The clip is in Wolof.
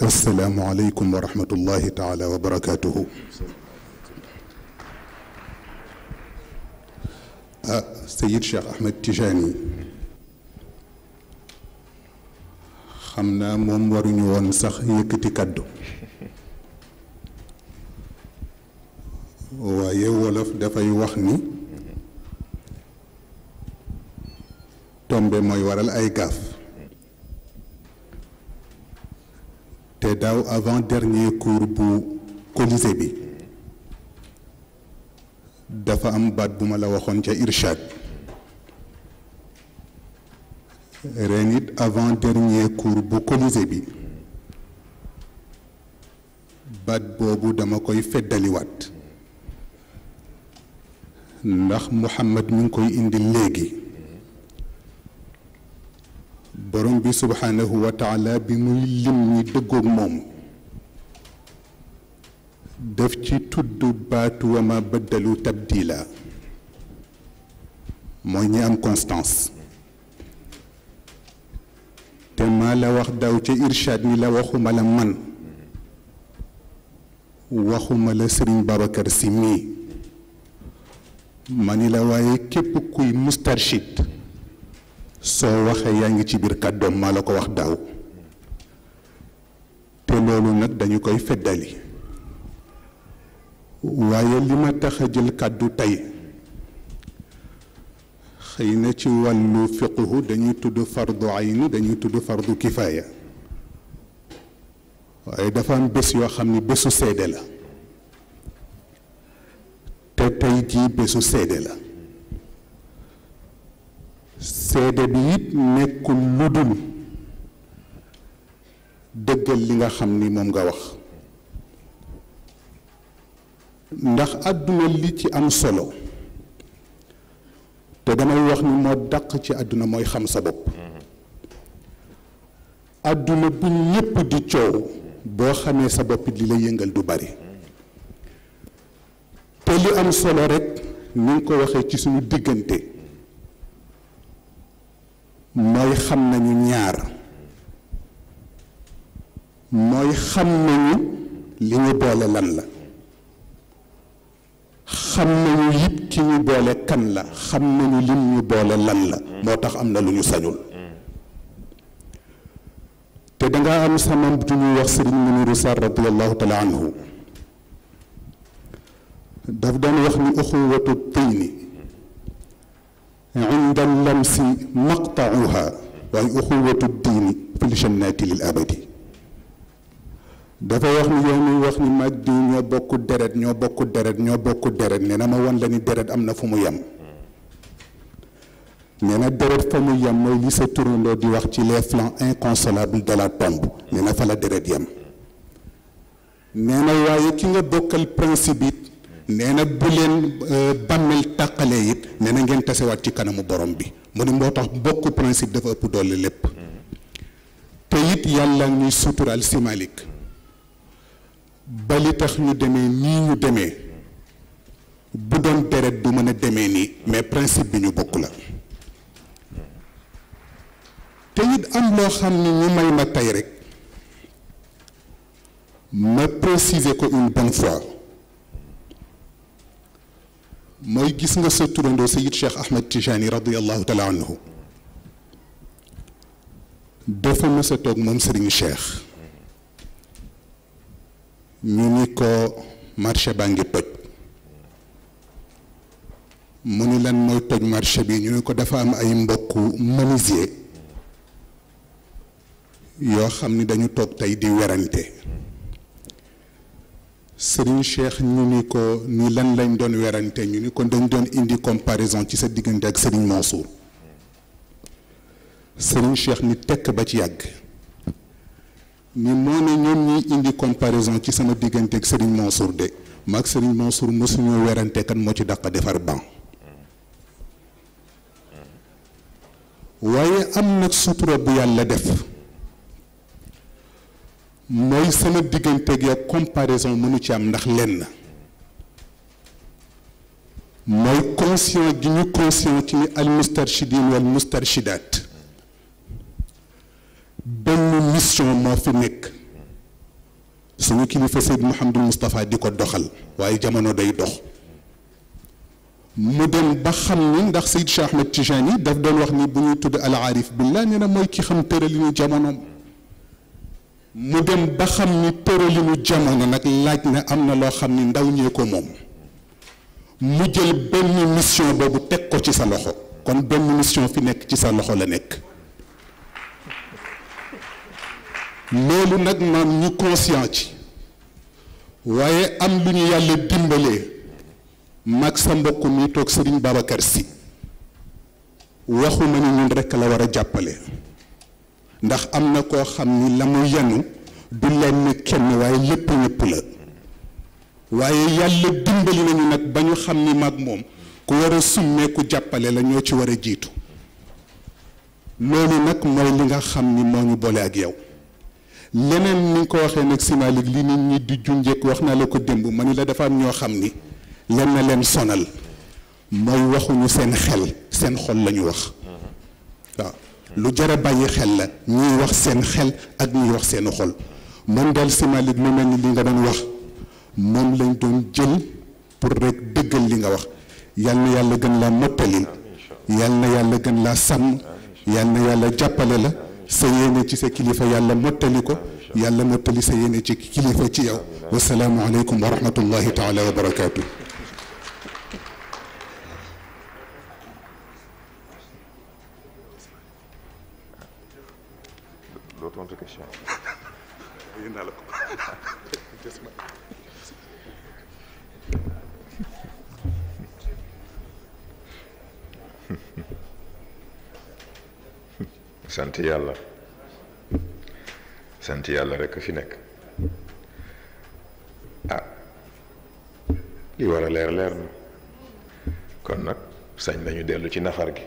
asalaamualeykum wa rahmatullahi taala wa barakaatuhu. Ah, Seyyid Cheikh Ahmed Tijani xam naa moom waruñu woon sax yëkkati kàddu waaye wolof dafay wax ni tombe mooy waral ay gaaf. defee daaw avant dernier cours bu colisée bi dafa am baat bu ma la waxoon ca Irshad ren avant dernier cours bu colisée bi baat boobu dama koy feddaliwaat ndax Muhammad mi ngi koy indi léegi borom bi subhaanahu wa bi muy lim ñi dëggoog moom def ci tudd baatu wa ma baddalu tabdila mooy ñi am constance te ma la wax daaw ca irshad ni la waxuma la man waxuma la sëriñ Babacar Si mii ma ni la waaye képp kuy mustarshid soo waxee yaa ngi ci biir kàddoom maa la ko wax daaw te loolu nag dañu koy feddali waaye li ma tax a jël kàddu tey xëy na ci wàllu fiqhu dañuy tudd fardu ayni dañuy tudd fardu kifaaya waaye dafa am bés yoo xam ni bésu seede la te tey jii bésu seede la seede bi it nekkul lu dul dëggal li nga xam ni moom nga wax ndax àdduna li ci am solo te damay wax ni moo dàq ci àdduna mooy xam sa bopp àdduna bu ñépp di coow boo xamee sa bopp li la yëngal du bari te li am solo rekk ni nga ko waxee ci suñu diggante mooy xam nañu ñaar mooy xam nañu li ñu boole lan la xam nañu yit ki ñu boole kan la xam nañu lim ñu boole lan la moo tax am na lu ñu sañul te danga am sama du ñuy wax sëriñ Muniru Sarr radiallahu taala anhu daf daan wax ni uxuwatu tëy ni inda lamsi maqtauha waaye uxuwatu diini fil jannaati lil abadi dafa wax ni yow muy wax ni mag di ñoo bokk deret ñoo bokk deret ñoo bokk deret nee na ma wan la ni deret am na fu mu yem nee na deret fa mu yem mooy li sa turandoo di wax ci les flancs inconsolables de la tombe nee na fa la deret yem nee na waaye ki nga bokkal principe it nee na bu leen bàmmeel tàqalee it nee na ngeen tasewaat ci kanamu borom bi mu ne moo tax bokk principe dafa ëpp doole lépp te yàlla ñuy suturaal simalik ba li tax ñu demee nii ñu demee bu doon deret du mën a demee nii mais principe bi ñu bokk la te it am loo xam ni ñu may ma tey rek ma préciser ko une bonne mooy gis nga sa turandoo sayid Cheikh Ahmed Tijani radiallahu taala anhu dafa mës a toog moom Serigne Cheikh ñu ni ko marché baa ngi toj mu ni lan mooy toj marché bi ñu ni ko dafa am ay mbokk menuisier yoo xam ni dañu toog tey di werante Serigne Cheikh ñu ni ko ni lan lañ doon werante ñu ni kon dañ doon indi comparaison ci sa diggante ak Serigne Mansour Serigne Cheikh ni tekk ba ci yàgg ni moo ne ñoom ñuy indi comparaison ci sama diggante ak Serigne Mansour de maag Serigne Mansour mosuñoo werante kan moo ci daq defar ban waaye am nag sutura bu yàlla def mooy sama digganteeg yow comparaison mënu ci am ndax lenn mooy conscient gi ñu conscient ci ni al mustarchidin wal mustarchidaat benn mission moo fi nekk suñu kilifa Seyd Mouhamadou Moustapha di ko doxal waaye jamono day dox mu dem ba xam ni ndax Seyd Cheikh Ahmed Tijani daf doon wax ni bu ñuy tudd al aarif billah nee na mooy ki xam tërali ni mu dem ba xam ni tëralinu jamono nag laaj na am na loo xam ni ndaw ñee ko moom mu jël benn mission boobu teg ko ci sa loxo kon benn mission fi nekk ci sa loxo la nekk loolu nag maam ñu conscient ci waaye am lu ñu yàlla dimbalee mag sa mbokk mi toog Serigne Babacar Sy waxuma ni ñun rekk la war a jàppale ndax am na koo xam ni la mu yenu du lenn kenn waaye lépp ñëpp la waaye yàlla dimbali nañu nag ba ñu xam ni mag moom ku war a summeeku ku jàppale la ñoo ci war a jiitu loolu nag mooy li nga xam ni moo ñu boole ak yow leneen ni ko waxee nag simaalik li nit ñi di junjeek wax naa la ko démb ma ni la dafa ñoo xam ni lenn na leen sonal mooy waxuñu seen xel seen xol lañu wax lu jara a bàyyi xel la ñuy wax seen xel ak ñuy wax seen xol moom daal si Malick lu mel ni li nga doon wax moom lañ doon jël pour rek dëggal li nga wax yal na yàlla gën laa noppalil yal na yàlla gën laa sàmm yal na yàlla jàppale la sa yéene ci sa kilifa yàlla mottali ko yàlla mottali sa yéene ci kilifa ci yow wasalaamualeykum wa rahmatullahi taala wa barakaatu. yéen naa la sant yàlla sant yàlla rek fi nekk ah li war a leer leer na kon nag sañ nañu dellu ci nafar gi